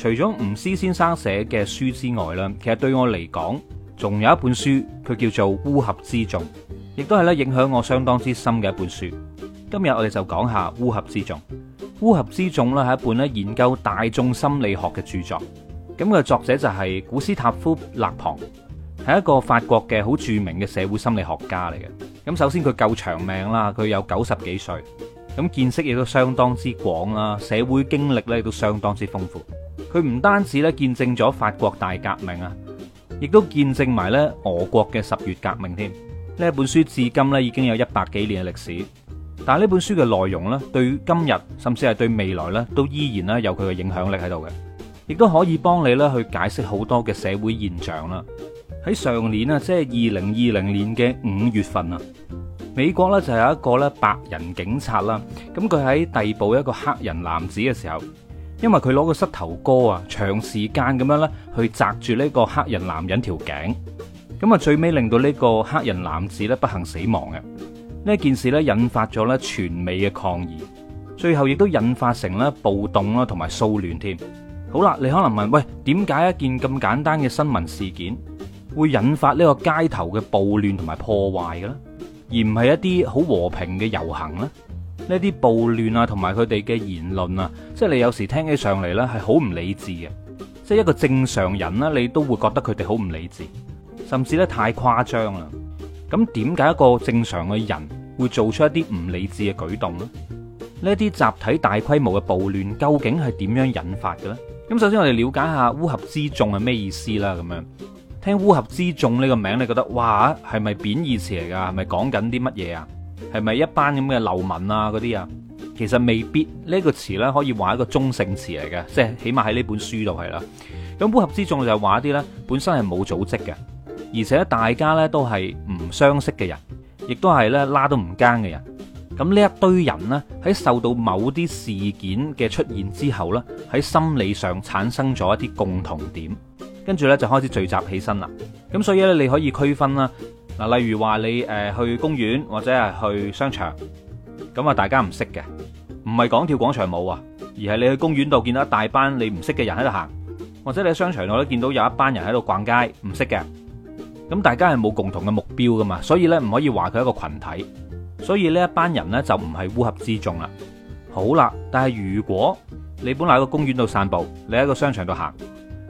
除咗吳思先生寫嘅書之外啦，其實對我嚟講，仲有一本書，佢叫做《烏合之眾》，亦都係咧影響我相當之深嘅一本書。今日我哋就講下《烏合之眾》。《烏合之眾》咧係一本咧研究大眾心理學嘅著作。咁嘅作者就係古斯塔夫勒龐，係一個法國嘅好著名嘅社會心理學家嚟嘅。咁首先佢夠長命啦，佢有九十幾歲，咁見識亦都相當之廣啦，社會經歷咧亦都相當之豐富。佢唔單止咧見證咗法國大革命啊，亦都見證埋咧俄國嘅十月革命添。呢本書至今咧已經有一百幾年嘅歷史，但係呢本書嘅內容咧，對今日甚至係對未來咧，都依然咧有佢嘅影響力喺度嘅，亦都可以幫你咧去解釋好多嘅社會現象啦。喺上年啊，即係二零二零年嘅五月份啊，美國咧就有一個咧白人警察啦，咁佢喺逮捕一個黑人男子嘅時候，因為佢攞個膝頭哥啊，長時間咁樣咧，去紮住呢個黑人男人條頸，咁啊最尾令到呢個黑人男子咧不幸死亡嘅。呢件事咧引發咗咧全美嘅抗議，最後亦都引發成咧暴動啦，同埋騷亂添。好啦，你可能問，喂，點解一件咁簡單嘅新聞事件會引發呢個街頭嘅暴亂同埋破壞嘅咧，而唔係一啲好和平嘅遊行呢？呢啲暴亂啊，同埋佢哋嘅言論啊，即係你有時聽起上嚟呢係好唔理智嘅。即係一個正常人呢、啊，你都會覺得佢哋好唔理智，甚至呢太誇張啦。咁點解一個正常嘅人會做出一啲唔理智嘅舉動呢？呢啲集體大規模嘅暴亂究竟係點樣引發嘅咧？咁首先我哋了解下烏合之眾係咩意思啦。咁樣聽烏合之眾呢個名，你覺得哇，係咪貶義詞嚟噶？係咪講緊啲乜嘢啊？係咪一班咁嘅流民啊？嗰啲啊，其實未必呢、呢個詞呢，可以話一個中性詞嚟嘅，即係起碼喺呢本書度係啦。咁烏合之眾就係話一啲呢，本身係冇組織嘅，而且大家呢都係唔相識嘅人，亦都係呢拉都唔奸嘅人。咁呢一堆人呢，喺受到某啲事件嘅出現之後呢，喺心理上產生咗一啲共同點，跟住呢就開始聚集起身啦。咁所以呢，你可以區分啦。嗱，例如話你誒去公園或者係去商場，咁啊大家唔識嘅，唔係講跳廣場舞啊，而係你去公園度見到一大班你唔識嘅人喺度行，或者你喺商場度都見到有一班人喺度逛街唔識嘅，咁大家係冇共同嘅目標噶嘛，所以咧唔可以話佢係一個群體，所以呢一班人咧就唔係烏合之眾啦。好啦，但係如果你本來喺個公園度散步，你喺個商場度行，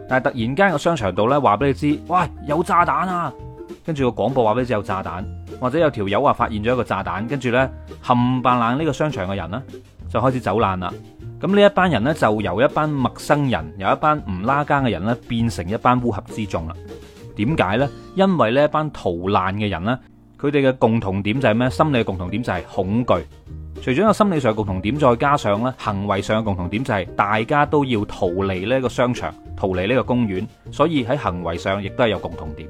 但係突然間個商場度咧話俾你知，喂有炸彈啊！跟住個廣播話畀你知，有炸彈或者有條友話發現咗一個炸彈，跟住呢，冚唪唥呢個商場嘅人呢，就開始走爛啦。咁呢一班人呢，就由一班陌生人，由一班唔拉更嘅人呢，變成一班烏合之眾啦。點解呢？因為咧，班逃難嘅人呢，佢哋嘅共同點就係咩？心理嘅共同點就係恐懼。除咗個心理上嘅共同點，再加上呢行為上嘅共同點，就係大家都要逃離呢個商場，逃離呢個公園，所以喺行為上亦都係有共同點。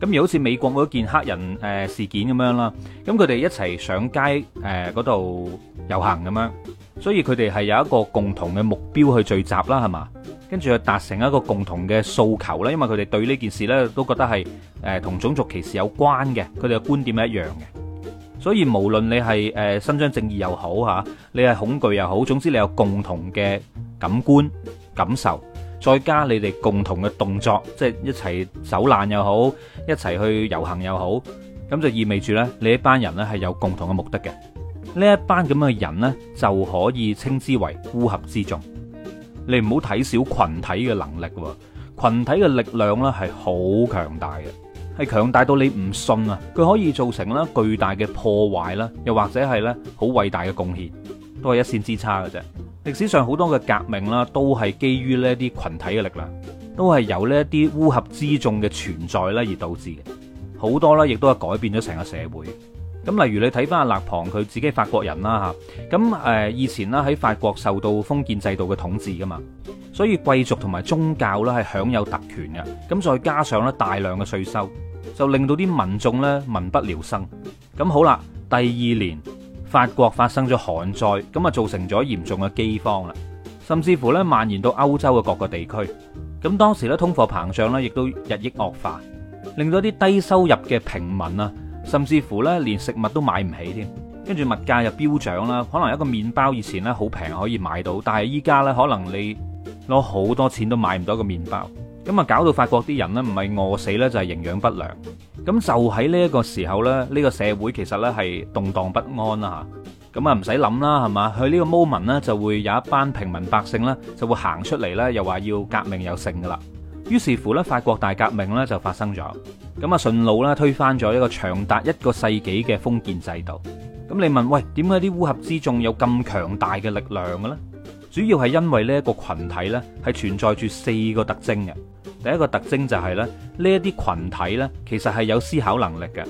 咁而好似美國嗰件黑人誒事件咁樣啦，咁佢哋一齊上街誒嗰度遊行咁樣，所以佢哋係有一個共同嘅目標去聚集啦，係嘛？跟住去達成一個共同嘅訴求啦，因為佢哋對呢件事咧都覺得係誒同種族歧視有關嘅，佢哋嘅觀點係一樣嘅。所以無論你係誒伸張正義又好嚇，你係恐懼又好，總之你有共同嘅感官感受。再加你哋共同嘅動作，即係一齊走難又好，一齊去遊行又好，咁就意味住呢，你一班人呢係有共同嘅目的嘅。呢一班咁嘅人呢，就可以稱之為烏合之眾。你唔好睇小羣體嘅能力，羣體嘅力量呢係好強大嘅，係強大到你唔信啊！佢可以造成咧巨大嘅破壞啦，又或者係咧好偉大嘅貢獻。都係一線之差嘅啫。歷史上好多嘅革命啦，都係基於呢啲群體嘅力量，都係由呢啲烏合之眾嘅存在咧而導致嘅。好多咧，亦都係改變咗成個社會。咁例如你睇翻阿勒龐佢自己法國人啦吓，咁誒以前啦喺法國受到封建制度嘅統治噶嘛，所以貴族同埋宗教啦係享有特權嘅。咁再加上咧大量嘅稅收，就令到啲民眾咧民不聊生。咁好啦，第二年。法國發生咗旱災，咁啊造成咗嚴重嘅饑荒啦，甚至乎咧蔓延到歐洲嘅各個地區。咁當時咧通貨膨脹咧亦都日益惡化，令到啲低收入嘅平民啊，甚至乎咧連食物都買唔起添，跟住物價又飆漲啦。可能一個麵包以前咧好平可以買到，但係依家咧可能你攞好多錢都買唔到一個麵包。咁啊，搞到法國啲人呢，唔係餓死呢，就係營養不良。咁就喺呢一個時候呢，呢、呢個社會其實呢係動盪不安啦嚇。咁啊，唔使諗啦，係嘛？佢呢個 moment 呢，就會有一班平民百姓呢，就會行出嚟呢，又話要革命有成噶啦。於是乎呢，法國大革命呢，就發生咗。咁啊，順路呢，推翻咗一個長達一個世紀嘅封建制度。咁你問喂，點解啲烏合之眾有咁強大嘅力量嘅咧？主要係因為呢一個群體呢，係存在住四個特徵嘅。第一個特徵就係咧，呢一啲群體咧，其實係有思考能力嘅，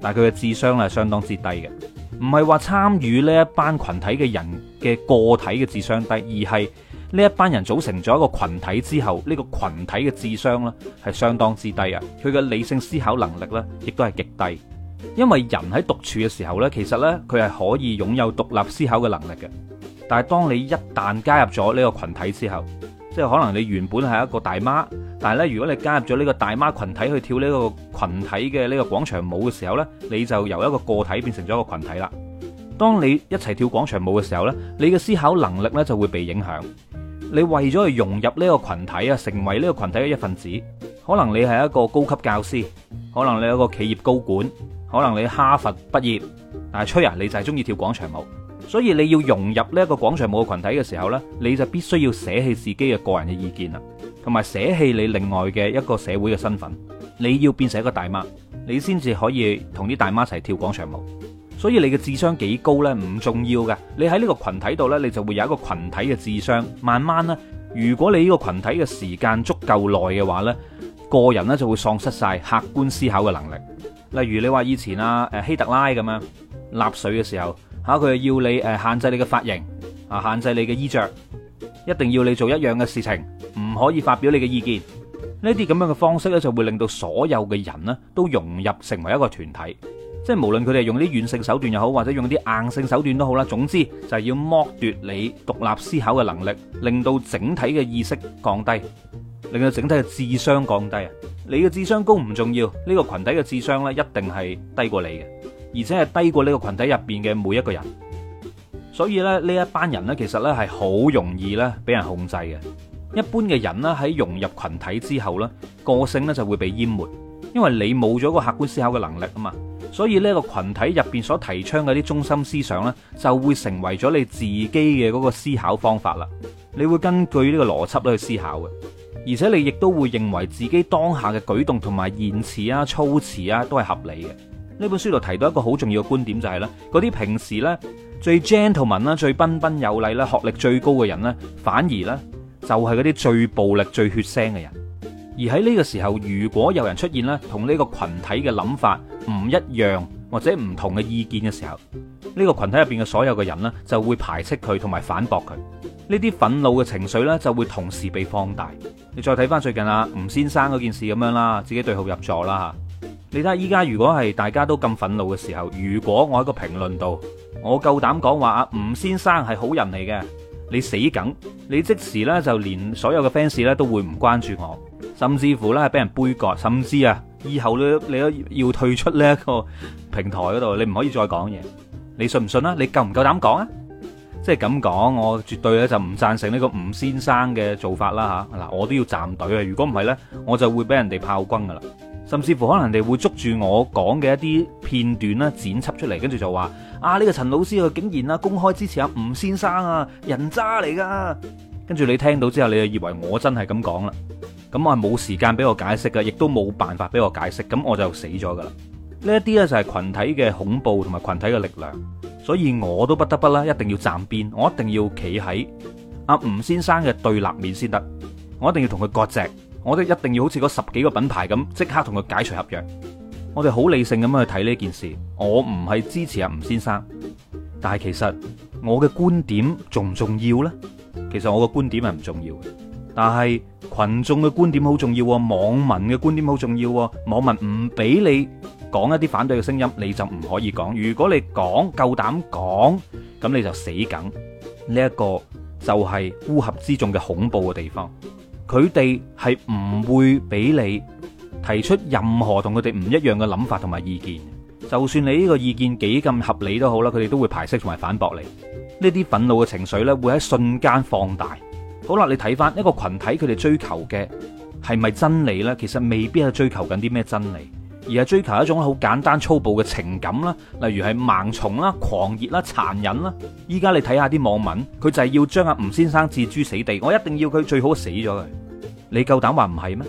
但係佢嘅智商咧係相當之低嘅。唔係話參與呢一班群體嘅人嘅個體嘅智商低，而係呢一班人組成咗一個群體之後，呢個群體嘅智商咧係相當之低啊。佢嘅理性思考能力咧，亦都係極低。因為人喺獨處嘅時候咧，其實咧佢係可以擁有獨立思考嘅能力嘅。但係當你一旦加入咗呢個群體之後，即係可能你原本係一個大媽。但係咧，如果你加入咗呢個大媽群體去跳呢個群體嘅呢個廣場舞嘅時候呢，你就由一個個體變成咗一個群體啦。當你一齊跳廣場舞嘅時候呢，你嘅思考能力呢就會被影響。你為咗去融入呢個群體啊，成為呢個群體嘅一份子，可能你係一個高級教師，可能你有個企業高管，可能你哈佛畢業，但係吹啊，你就係中意跳廣場舞。所以你要融入呢個廣場舞嘅群體嘅時候呢，你就必須要捨棄自己嘅個人嘅意見啦。同埋捨棄你另外嘅一個社會嘅身份，你要變成一個大媽，你先至可以同啲大媽一齊跳廣場舞。所以你嘅智商幾高呢？唔重要嘅，你喺呢個群體度呢，你就會有一個群體嘅智商。慢慢呢，如果你呢個群體嘅時間足夠耐嘅話呢，個人呢就會喪失晒客觀思考嘅能力。例如你話以前啊，誒希特拉咁樣納粹嘅時候，吓佢要你誒限制你嘅髮型啊，限制你嘅衣着，一定要你做一樣嘅事情。可以發表你嘅意見，呢啲咁樣嘅方式咧，就會令到所有嘅人咧都融入成為一個團體，即係無論佢哋用啲軟性手段又好，或者用啲硬性手段都好啦。總之就係要剝奪你獨立思考嘅能力，令到整體嘅意識降低，令到整體嘅智商降低啊。你嘅智商高唔重要，呢個群體嘅智商咧一定係低過你嘅，而且係低過呢個群體入邊嘅每一個人。所以咧，呢一班人咧，其實咧係好容易咧俾人控制嘅。一般嘅人啦，喺融入群體之後咧，個性咧就會被淹沒，因為你冇咗個客觀思考嘅能力啊嘛。所以呢個群體入邊所提倡嘅啲中心思想呢，就會成為咗你自己嘅嗰個思考方法啦。你會根據呢個邏輯去思考嘅，而且你亦都會認為自己當下嘅舉動同埋言辭啊、措辭啊都係合理嘅。呢本書就提到一個好重要嘅觀點就係咧，嗰啲平時呢最 gentleman 啦、最彬彬有禮啦、學歷最高嘅人呢，反而呢。就係嗰啲最暴力、最血腥嘅人，而喺呢個時候，如果有人出現咧，同呢個群體嘅諗法唔一樣或者唔同嘅意見嘅時候，呢個群體入邊嘅所有嘅人咧就會排斥佢同埋反駁佢，呢啲憤怒嘅情緒咧就會同時被放大。你再睇翻，最近啊，吳先生嗰件事咁樣啦，自己對號入座啦吓。你睇下依家如果係大家都咁憤怒嘅時候，如果我喺個評論度，我夠膽講話啊，吳先生係好人嚟嘅。你死梗，你即時咧就連所有嘅 fans 咧都會唔關注我，甚至乎咧係俾人杯葛，甚至啊，以後你你要退出呢一個平台嗰度，你唔可以再講嘢，你信唔信啊？你夠唔夠膽講啊？即係咁講，我絕對咧就唔贊成呢個吳先生嘅做法啦吓，嗱，我都要站隊啊！如果唔係呢，我就會俾人哋炮轟噶啦，甚至乎可能人哋會捉住我講嘅一啲片段啦，剪輯出嚟，跟住就話。啊！呢個陳老師佢竟然啊公開支持阿吳先生啊，人渣嚟噶！跟住你聽到之後，你就以為我真係咁講啦。咁我係冇時間俾我解釋噶，亦都冇辦法俾我解釋。咁我就死咗噶啦。呢一啲呢就係群體嘅恐怖同埋群體嘅力量，所以我都不得不啦，一定要站邊，我一定要企喺阿吳先生嘅對立面先得。我一定要同佢割席，我都一定要好似嗰十幾個品牌咁，即刻同佢解除合約。我哋好理性咁樣去睇呢件事，我唔係支持阿吳先生，但係其實我嘅觀點重唔重要呢？其實我嘅觀點係唔重要，但係群眾嘅觀點好重要，網民嘅觀點好重要。網民唔俾你講一啲反對嘅聲音，你就唔可以講。如果你講夠膽講，咁你就死梗。呢一個就係烏合之眾嘅恐怖嘅地方，佢哋係唔會俾你。提出任何同佢哋唔一樣嘅諗法同埋意見，就算你呢個意見幾咁合理都好啦，佢哋都會排斥同埋反駁你。呢啲憤怒嘅情緒咧，會喺瞬間放大。好啦，你睇翻一個群體，佢哋追求嘅係咪真理呢？其實未必係追求緊啲咩真理，而係追求一種好簡單粗暴嘅情感啦，例如係盲從啦、狂熱啦、殘忍啦。依家你睇下啲網民，佢就係要將阿吳先生置諸死地，我一定要佢最好死咗佢。你夠膽話唔係咩？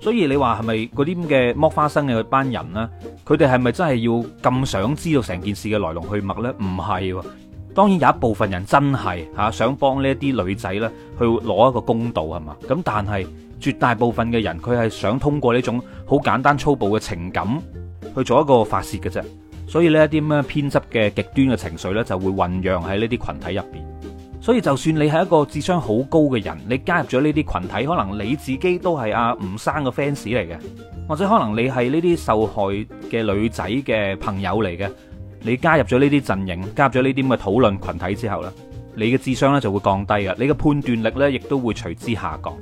所以你話係咪嗰啲咁嘅剝花生嘅班人呢？佢哋係咪真係要咁想知道成件事嘅來龍去脈呢？唔係，當然有一部分人真係吓想幫呢啲女仔呢去攞一個公道係嘛。咁但係絕大部分嘅人，佢係想通過呢種好簡單粗暴嘅情感去做一個發洩嘅啫。所以呢啲咩偏執嘅極端嘅情緒呢，就會醞釀喺呢啲群體入邊。所以就算你係一個智商好高嘅人，你加入咗呢啲群體，可能你自己都係阿吳生嘅 fans 嚟嘅，或者可能你係呢啲受害嘅女仔嘅朋友嚟嘅，你加入咗呢啲陣營，加入咗呢啲咁嘅討論群體之後咧，你嘅智商咧就會降低啊，你嘅判斷力咧亦都會隨之下降，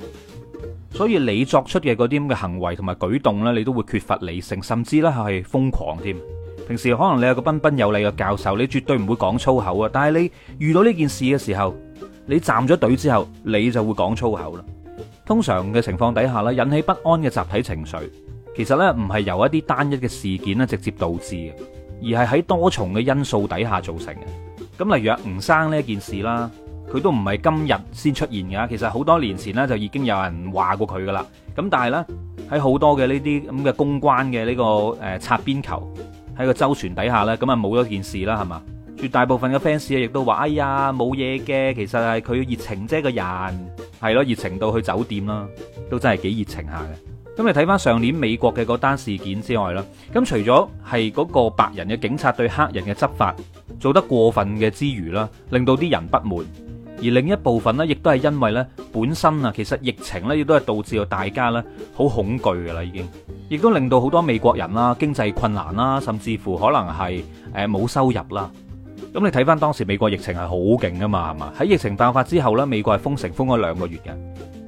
所以你作出嘅嗰啲咁嘅行為同埋舉動咧，你都會缺乏理性，甚至咧係瘋狂添。平時可能你有個彬彬有禮嘅教授，你絕對唔會講粗口啊。但係你遇到呢件事嘅時候，你站咗隊之後，你就會講粗口啦。通常嘅情況底下咧，引起不安嘅集體情緒，其實呢唔係由一啲單一嘅事件咧直接導致嘅，而係喺多重嘅因素底下造成嘅。咁例如阿吳生呢件事啦，佢都唔係今日先出現噶，其實好多年前呢，就已經有人話過佢噶啦。咁但係呢，喺好多嘅呢啲咁嘅公關嘅呢個誒擦邊球。喺個周旋底下呢，咁啊冇咗件事啦，係嘛？絕大部分嘅 fans 啊，亦都話：哎呀，冇嘢嘅，其實係佢熱情啫，個人係咯，熱情到去酒店啦，都真係幾熱情下嘅。咁你睇翻上年美國嘅嗰單事件之外啦，咁除咗係嗰個白人嘅警察對黑人嘅執法做得過分嘅之餘啦，令到啲人不滿。而另一部分呢，亦都係因為呢本身啊，其實疫情呢，亦都係導致到大家呢好恐懼噶啦，已經，亦都令到好多美國人啦，經濟困難啦，甚至乎可能係誒冇收入啦。咁你睇翻當時美國疫情係好勁吖嘛，係嘛？喺疫情爆發之後呢，美國係封城封咗兩個月嘅，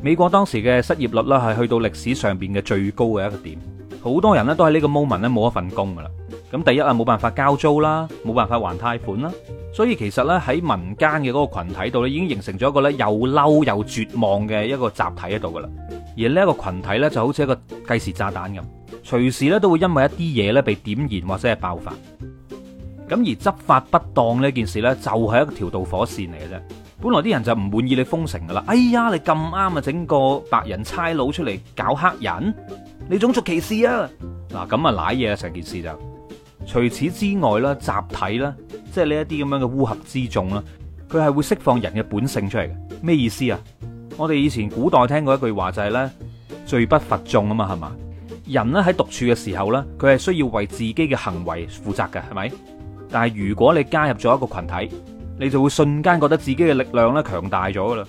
美國當時嘅失業率呢，係去到歷史上邊嘅最高嘅一個點，好多人呢，都喺呢個 moment 呢，冇一份工噶啦。咁第一啊，冇辦法交租啦，冇辦法還貸款啦，所以其實咧，喺民間嘅嗰個羣體度咧，已經形成咗一個咧，又嬲又絕望嘅一個集體喺度噶啦。而呢一個群體咧，就好似一個計時炸彈咁，隨時咧，都會因為一啲嘢咧，被點燃或者係爆發。咁而執法不當呢件事咧，就係一條導火線嚟嘅啫。本來啲人就唔滿意你封城噶啦，哎呀你咁啱啊，整個白人差佬出嚟搞黑人，你種族歧視啊，嗱，咁啊，瀨嘢啊成件事就。除此之外啦，集體啦，即係呢一啲咁樣嘅烏合之眾啦，佢係會釋放人嘅本性出嚟嘅。咩意思啊？我哋以前古代聽過一句話，就係咧，罪不罰眾啊嘛，係嘛？人咧喺獨處嘅時候咧，佢係需要為自己嘅行為負責嘅，係咪？但係如果你加入咗一個群體，你就會瞬間覺得自己嘅力量咧強大咗㗎啦。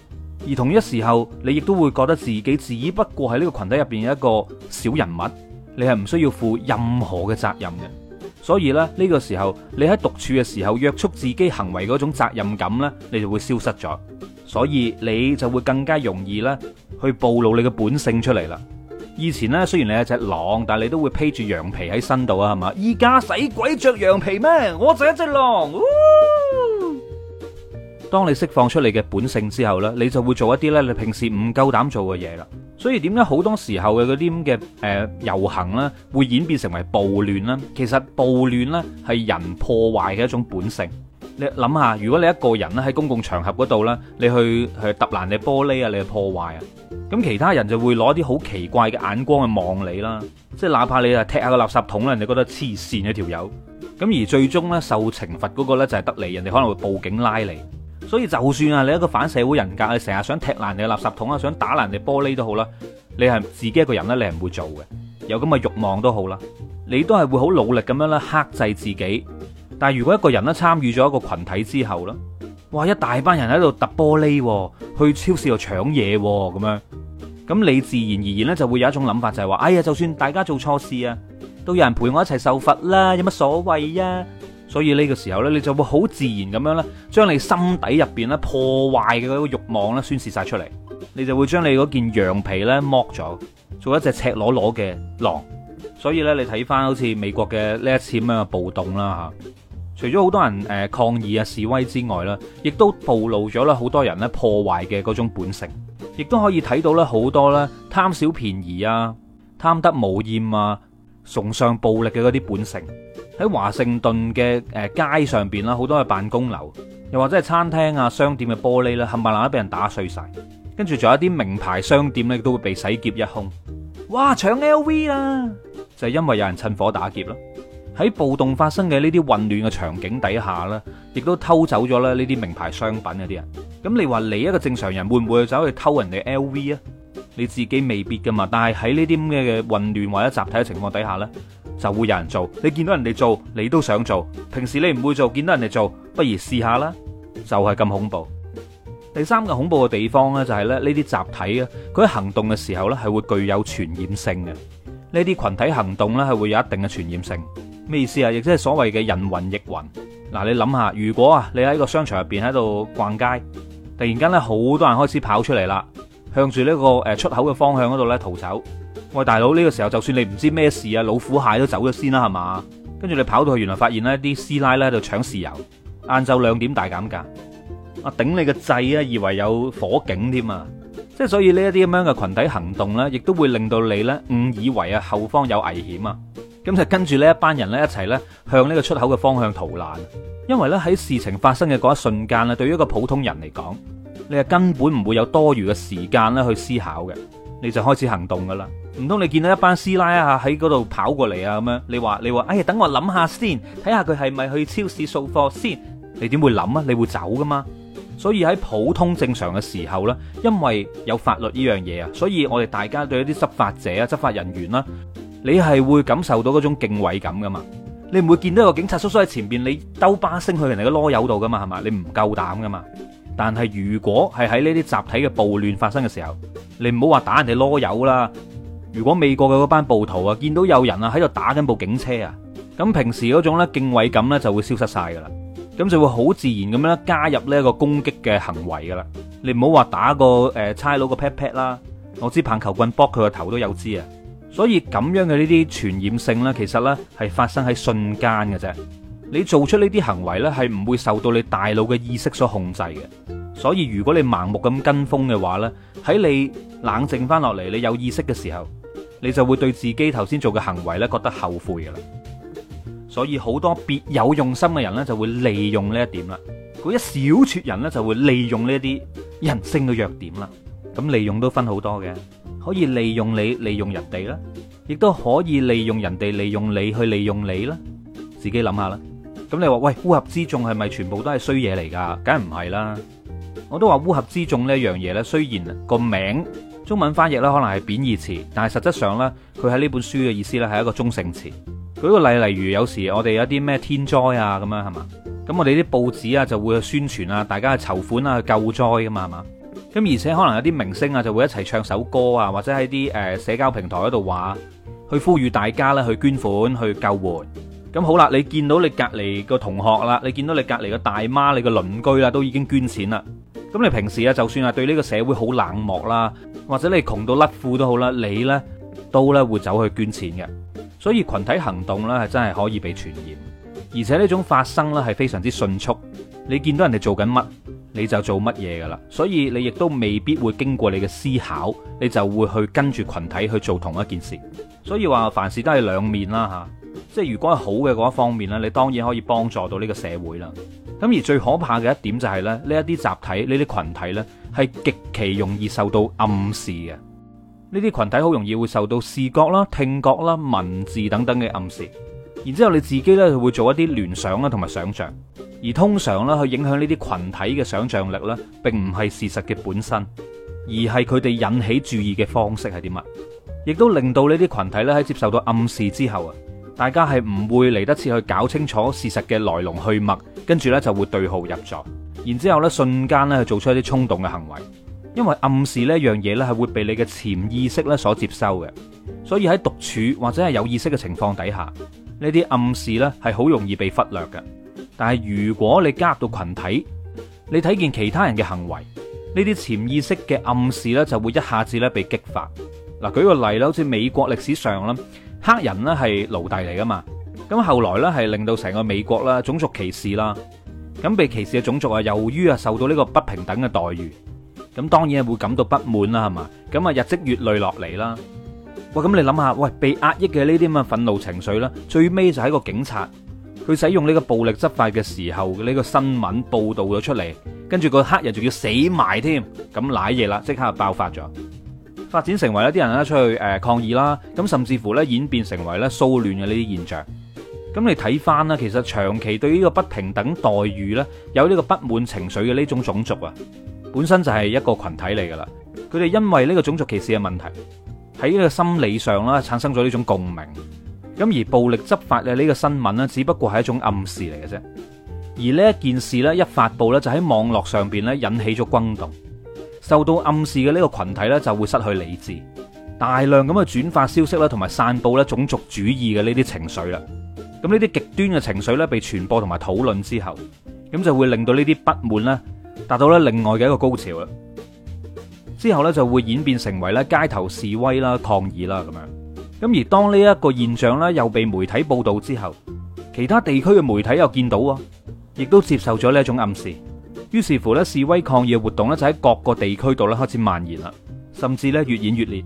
而同一時候，你亦都會覺得自己只不過係呢個群體入邊一個小人物，你係唔需要負任何嘅責任嘅。所以咧，呢個時候你喺獨處嘅時候約束自己行為嗰種責任感呢，你就會消失咗。所以你就會更加容易呢去暴露你嘅本性出嚟啦。以前呢，雖然你係隻狼，但係你都會披住羊皮喺身度啊，係嘛？而家使鬼着羊皮咩？我就係一隻狼。當你釋放出你嘅本性之後呢，你就會做一啲咧你平時唔夠膽做嘅嘢啦。所以點解好多時候嘅嗰啲咁嘅誒遊行呢，會演變成為暴亂呢？其實暴亂呢，係人破壞嘅一種本性。你諗下，如果你一個人咧喺公共場合度呢，你去去揼爛你玻璃啊，你去破壞啊，咁其他人就會攞啲好奇怪嘅眼光去望你啦。即係哪怕你係踢下個垃圾桶咧，你就覺得黐線一條友咁。而最終呢，受懲罰嗰個咧就係得你，人哋可能會報警拉你。所以就算啊，你一個反社會人格，你成日想踢爛你嘅垃圾桶啊，想打爛你玻璃都好啦，你係自己一個人咧，你係唔會做嘅。有咁嘅慾望都好啦，你都係會好努力咁樣咧克制自己。但係如果一個人咧參與咗一個群體之後咧，哇，一大班人喺度揼玻璃，去超市度搶嘢咁樣，咁你自然而然咧就會有一種諗法就係話，哎呀，就算大家做錯事啊，都有人陪我一齊受罰啦，有乜所謂呀？所以呢個時候呢，你就會好自然咁樣咧，將你心底入邊呢破壞嘅嗰個慾望咧宣泄晒出嚟，你就會將你嗰件羊皮呢剝咗，做一隻赤裸裸嘅狼。所以呢，你睇翻好似美國嘅呢一次咁樣嘅暴動啦嚇，除咗好多人誒抗議啊示威之外呢，亦都暴露咗啦好多人呢破壞嘅嗰種本性，亦都可以睇到呢好多呢貪小便宜啊、貪得無厭啊、崇尚暴力嘅嗰啲本性。喺華盛頓嘅誒街上邊啦，好多係辦公樓，又或者係餐廳啊、商店嘅玻璃啦，冚唪唥都俾人打碎晒。跟住仲有一啲名牌商店咧，都會被洗劫一空。哇！搶 LV 啊，就係因為有人趁火打劫咯。喺暴動發生嘅呢啲混亂嘅場景底下咧，亦都偷走咗啦呢啲名牌商品嗰啲人。咁你話你一個正常人會唔會去走去偷人哋 LV 啊？你自己未必噶嘛，但係喺呢啲咁嘅混亂或者集體嘅情況底下咧。就會有人做，你見到人哋做，你都想做。平時你唔會做，見到人哋做，不如試下啦。就係、是、咁恐怖。第三個恐怖嘅地方呢、就是，就係咧呢啲集體啊，佢喺行動嘅時候呢，係會具有傳染性嘅。呢啲群體行動呢，係會有一定嘅傳染性。咩意思啊？亦即係所謂嘅人云亦云。嗱，你諗下，如果啊你喺個商場入邊喺度逛街，突然間呢，好多人開始跑出嚟啦，向住呢個誒出口嘅方向嗰度呢逃走。喂，大佬呢個時候就算你唔知咩事啊，老虎蟹都走咗先啦，係嘛？跟住你跑到去，原來發現呢啲師奶呢喺度搶豉油，晏晝兩點大減價。啊，頂你個掣啊，以為有火警添啊！即係所以呢一啲咁樣嘅群體行動呢，亦都會令到你呢誤以為啊後方有危險啊，咁就跟住呢一班人呢一齊呢向呢個出口嘅方向逃難。因為呢喺事情發生嘅嗰一瞬間啊，對於一個普通人嚟講，你係根本唔會有多餘嘅時間咧去思考嘅。你就開始行動噶啦，唔通你見到一班師奶啊喺嗰度跑過嚟啊咁樣？你話你話，哎，等我諗下先，睇下佢係咪去超市掃貨先？你點會諗啊？你會走噶嘛？所以喺普通正常嘅時候呢，因為有法律呢樣嘢啊，所以我哋大家對一啲執法者啊、執法人員啦，你係會感受到嗰種敬畏感噶嘛？你唔會見到一個警察叔叔喺前邊，你兜巴星去人哋個囉柚度噶嘛？係嘛？你唔夠膽噶嘛？但係如果係喺呢啲集體嘅暴亂發生嘅時候，你唔好話打人哋囉柚啦。如果美國嘅嗰班暴徒啊，見到有人啊喺度打緊部警車啊，咁平時嗰種咧敬畏感咧就會消失晒噶啦，咁就會好自然咁樣加入呢一個攻擊嘅行為噶啦。你唔好話打個誒差佬個 pat pat 啦，我知棒球棍搏佢個頭都有知啊。所以咁樣嘅呢啲傳染性咧，其實咧係發生喺瞬間嘅啫。你做出呢啲行為呢，係唔會受到你大腦嘅意識所控制嘅。所以如果你盲目咁跟風嘅話呢，喺你冷靜翻落嚟，你有意識嘅時候，你就會對自己頭先做嘅行為呢覺得後悔㗎喇。所以好多別有用心嘅人呢就會利用呢一點啦。嗰一小撮人呢就會利用呢啲人性嘅弱點啦。咁利用都分好多嘅，可以利用你，利用人哋啦，亦都可以利用人哋，利用你去利用你啦。自己諗下啦。咁你話，喂，烏合之眾係咪全部都係衰嘢嚟噶？梗係唔係啦！我都話烏合之眾呢一樣嘢咧，雖然個名中文翻譯啦，可能係貶義詞，但係實質上呢，佢喺呢本書嘅意思呢係一個中性詞。舉個例，例如有時我哋有啲咩天災啊咁樣係嘛，咁我哋啲報紙啊就會去宣傳啊，大家去籌款啊去救災噶嘛係嘛，咁而且可能有啲明星啊就會一齊唱首歌啊，或者喺啲誒社交平台嗰度話去呼籲大家咧去捐款去救援。咁好啦，你見到你隔籬個同學啦，你見到你隔籬個大媽，你個鄰居啦，都已經捐錢啦。咁你平時啊，就算啊對呢個社會好冷漠啦，或者你窮到甩褲都好啦，你呢都呢會走去捐錢嘅。所以群體行動呢係真係可以被傳染，而且呢種發生呢係非常之迅速。你見到人哋做緊乜，你就做乜嘢噶啦。所以你亦都未必會經過你嘅思考，你就會去跟住群體去做同一件事。所以話凡事都係兩面啦吓。即係如果係好嘅嗰一方面咧，你當然可以幫助到呢個社會啦。咁而最可怕嘅一點就係咧，呢一啲集體呢啲群體呢，係極其容易受到暗示嘅。呢啲群體好容易會受到視覺啦、聽覺啦、文字等等嘅暗示，然之後你自己呢，就會做一啲聯想啦，同埋想象。而通常咧去影響呢啲群體嘅想象力呢，並唔係事實嘅本身，而係佢哋引起注意嘅方式係點啊？亦都令到呢啲群體呢，喺接受到暗示之後啊。大家係唔會嚟得切去搞清楚事實嘅來龍去脈，跟住呢就會對號入座，然之後呢瞬間呢做出一啲衝動嘅行為，因為暗示呢一樣嘢呢係會被你嘅潛意識呢所接收嘅，所以喺獨處或者係有意識嘅情況底下，呢啲暗示呢係好容易被忽略嘅。但係如果你加入到群體，你睇見其他人嘅行為，呢啲潛意識嘅暗示呢就會一下子呢被激發。嗱，舉個例啦，好似美國歷史上啦。黑人呢係奴隸嚟噶嘛，咁後來呢，係令到成個美國啦，種族歧視啦，咁被歧視嘅種族啊，由於啊受到呢個不平等嘅待遇，咁當然係會感到不滿啦，係嘛？咁啊日積月累落嚟啦，喂，咁你諗下喂，被壓抑嘅呢啲咁嘅憤怒情緒啦，最尾就係個警察佢使用呢個暴力執法嘅時候嘅呢個新聞報道咗出嚟，跟住個黑人仲要死埋添，咁瀨嘢啦，即刻就爆發咗。發展成為咧啲人咧出去誒抗議啦，咁甚至乎咧演變成為咧騷亂嘅呢啲現象。咁你睇翻啦，其實長期對呢個不平等待遇咧有呢個不滿情緒嘅呢種種族啊，本身就係一個群體嚟噶啦。佢哋因為呢個種族歧視嘅問題喺呢個心理上啦產生咗呢種共鳴。咁而暴力執法嘅呢個新聞呢，只不過係一種暗示嚟嘅啫。而呢一件事咧一發布咧就喺網絡上邊咧引起咗轟動。受到暗示嘅呢個群體呢，就會失去理智，大量咁去轉發消息啦，同埋散布咧種族主義嘅呢啲情緒啦。咁呢啲極端嘅情緒呢，被傳播同埋討論之後，咁就會令到呢啲不滿呢達到咧另外嘅一個高潮啦。之後呢，就會演變成為咧街頭示威啦、抗議啦咁樣。咁而當呢一個現象呢，又被媒體報道之後，其他地區嘅媒體又見到，亦都接受咗呢一種暗示。於是乎咧，示威抗議活動咧就喺各個地區度咧開始蔓延啦，甚至咧越演越烈。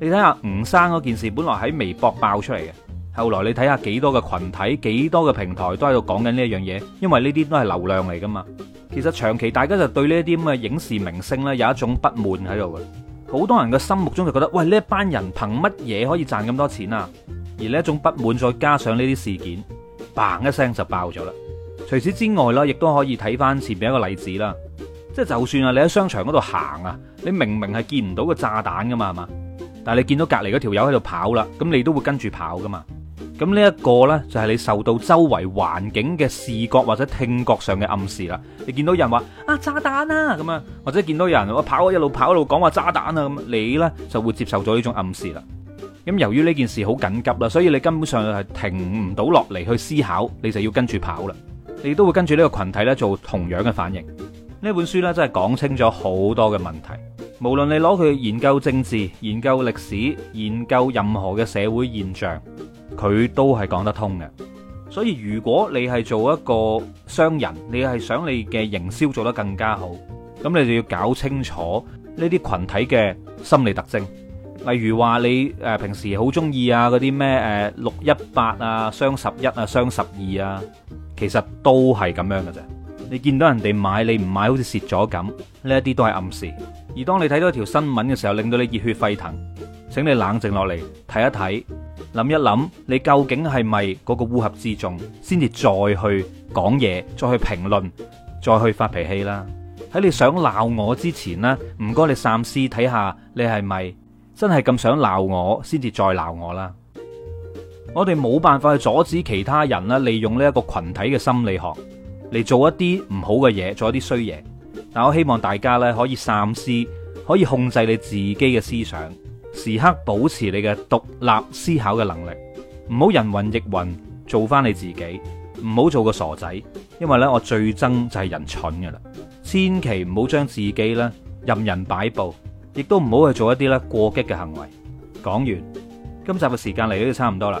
你睇下吳生嗰件事，本來喺微博爆出嚟嘅，後來你睇下幾多個群體、幾多個平台都喺度講緊呢一樣嘢，因為呢啲都係流量嚟噶嘛。其實長期大家就對呢啲咁嘅影視明星咧有一種不滿喺度嘅，好多人嘅心目中就覺得，喂呢一班人憑乜嘢可以賺咁多錢啊？而呢一種不滿再加上呢啲事件，砰一聲就爆咗啦。除此之外啦，亦都可以睇翻前邊一個例子啦。即係就算啊，你喺商場嗰度行啊，你明明係見唔到個炸彈噶嘛，係嘛？但係你見到隔離嗰條友喺度跑啦，咁你都會跟住跑噶嘛。咁呢一個呢，就係你受到周圍環境嘅視覺或者聽覺上嘅暗示啦。你見到人話啊炸彈啊咁啊，或者見到人我跑一路跑一路講話炸彈啊咁，你呢就會接受咗呢種暗示啦。咁由於呢件事好緊急啦，所以你根本上係停唔到落嚟去思考，你就要跟住跑啦。你都會跟住呢個群體咧做同樣嘅反應。呢本書咧真係講清咗好多嘅問題，無論你攞去研究政治、研究歷史、研究任何嘅社會現象，佢都係講得通嘅。所以如果你係做一個商人，你係想你嘅營銷做得更加好，咁你就要搞清楚呢啲群體嘅心理特徵。例如話你誒、呃、平時好中意啊嗰啲咩誒六一八啊、雙十一啊、雙十二啊。其實都係咁樣嘅啫，你見到人哋買，你唔買，好似蝕咗咁，呢一啲都係暗示。而當你睇到一條新聞嘅時候，令到你熱血沸騰，請你冷靜落嚟睇一睇，諗一諗，你究竟係咪嗰個烏合之眾，先至再去講嘢，再去評論，再去發脾氣啦。喺你想鬧我之前咧，唔該你三思，睇下你係咪真係咁想鬧我，先至再鬧我啦。我哋冇辦法去阻止其他人啦，利用呢一個群體嘅心理學嚟做一啲唔好嘅嘢，做一啲衰嘢。但我希望大家呢，可以三思，可以控制你自己嘅思想，時刻保持你嘅獨立思考嘅能力，唔好人云亦云，做翻你自己，唔好做個傻仔。因為呢，我最憎就係人蠢噶啦，千祈唔好將自己呢任人擺布，亦都唔好去做一啲咧過激嘅行為。講完，今集嘅時間嚟到差唔多啦。